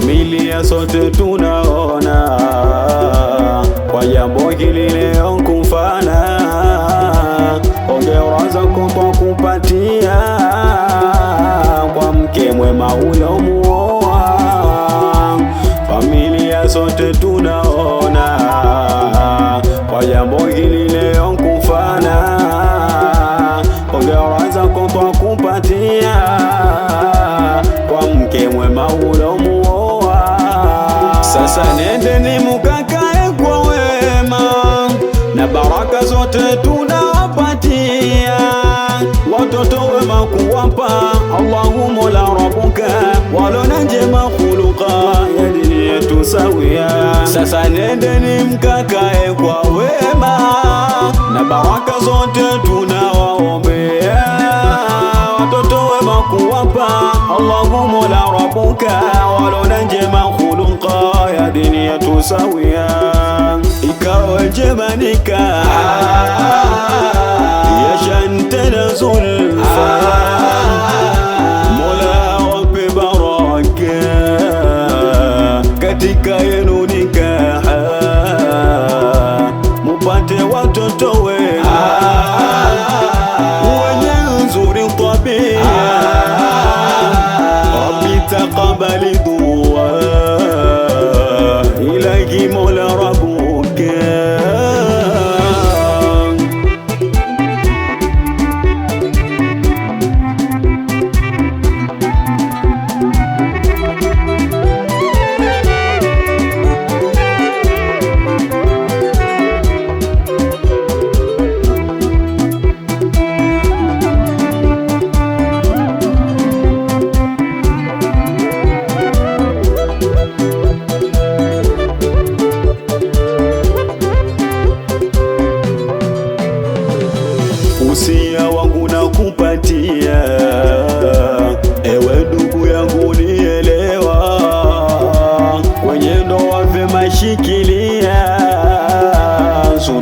familia sote tunaona kwa jambo hili leo kufana. Hongera zako kwa kupatia kwa mke mwema muoa, familia sote tunaona kwa jambo hili leo kufana. Hongera zako kwa kupatia Sasa nendeni mukakae kwa wema, na baraka zote tunawapatia watoto wema kuwapa Allahu mola walo na njema khuluqa ya dini yetu sawia. Sasa nendeni mkakae kwa wema, na baraka zote tunawaombea watoto wema kuwapa Allahu mola rabbuka, walona njema yao ya dini yetu sawia, ikawa jemanika ah. yashantena zul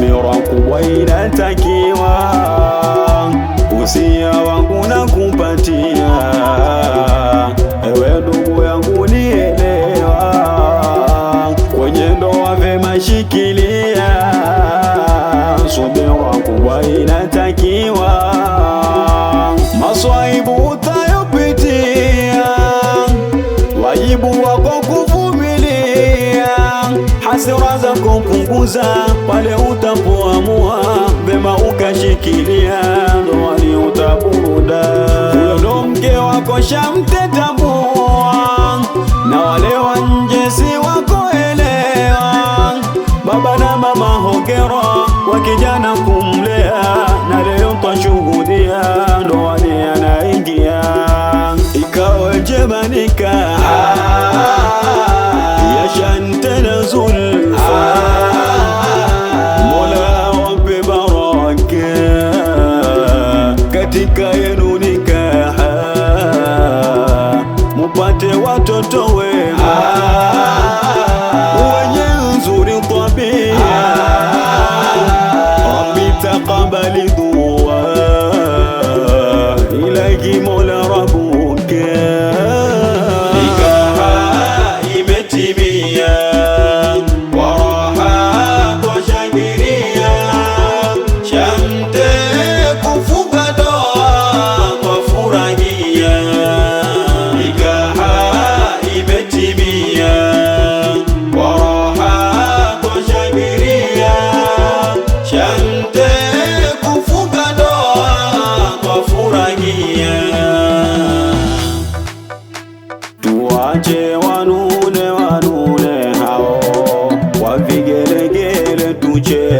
Dhamira kubwa inatakiwa, usia wangu na kumpatia ewe ndugu yangu, nielewa kwenye ndoa vema shikilia, subira kubwa inatakiwa, maswaibu utayopitia wajibu wako kufu za kupunguza pale utapoamua vema ukashikilia ndoani utaburuda. ndo mke wako shamtetambua, na wale wa nje si wakoelewa. Baba na mama hongera kwa kijana kumlea future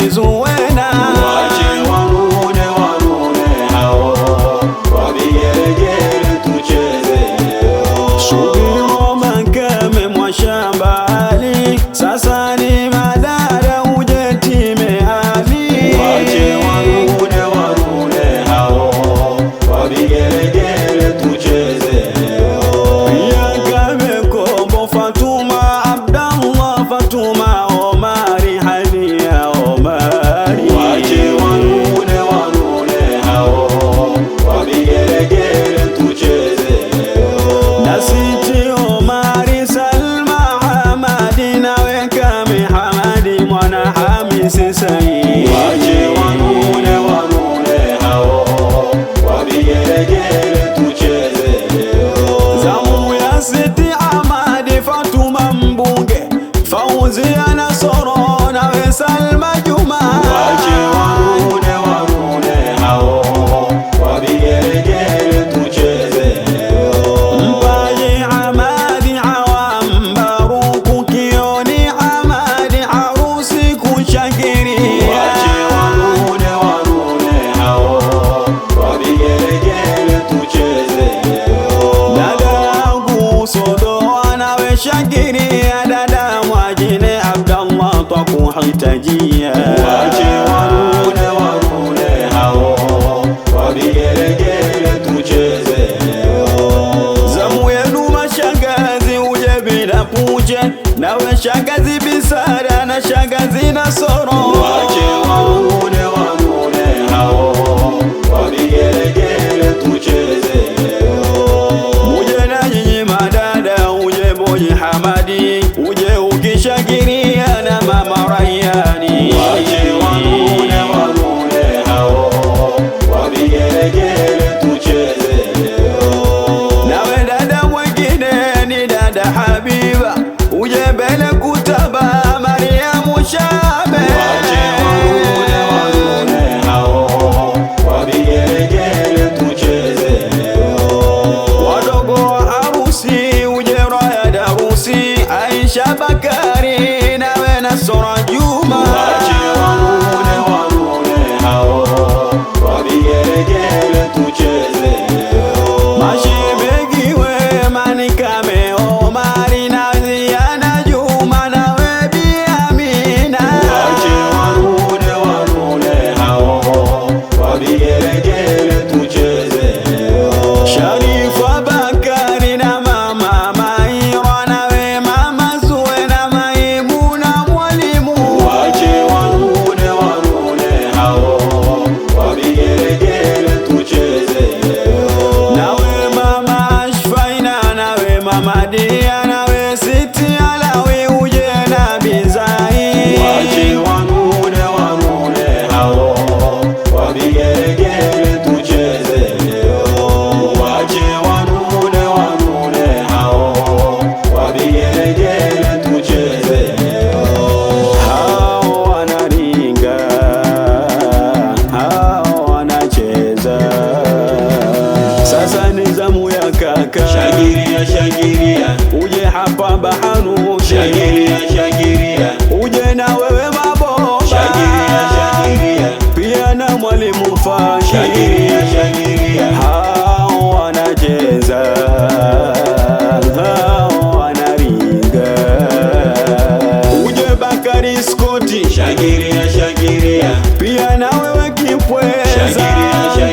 maison Kuzia shanga zina soro wow. hapa Baharuni, shagiria uje na wewe mabomba pia na mwalimu Fashi, hao hao wanaringa, uje Bakari Skoti, pia na wewe Kipweza,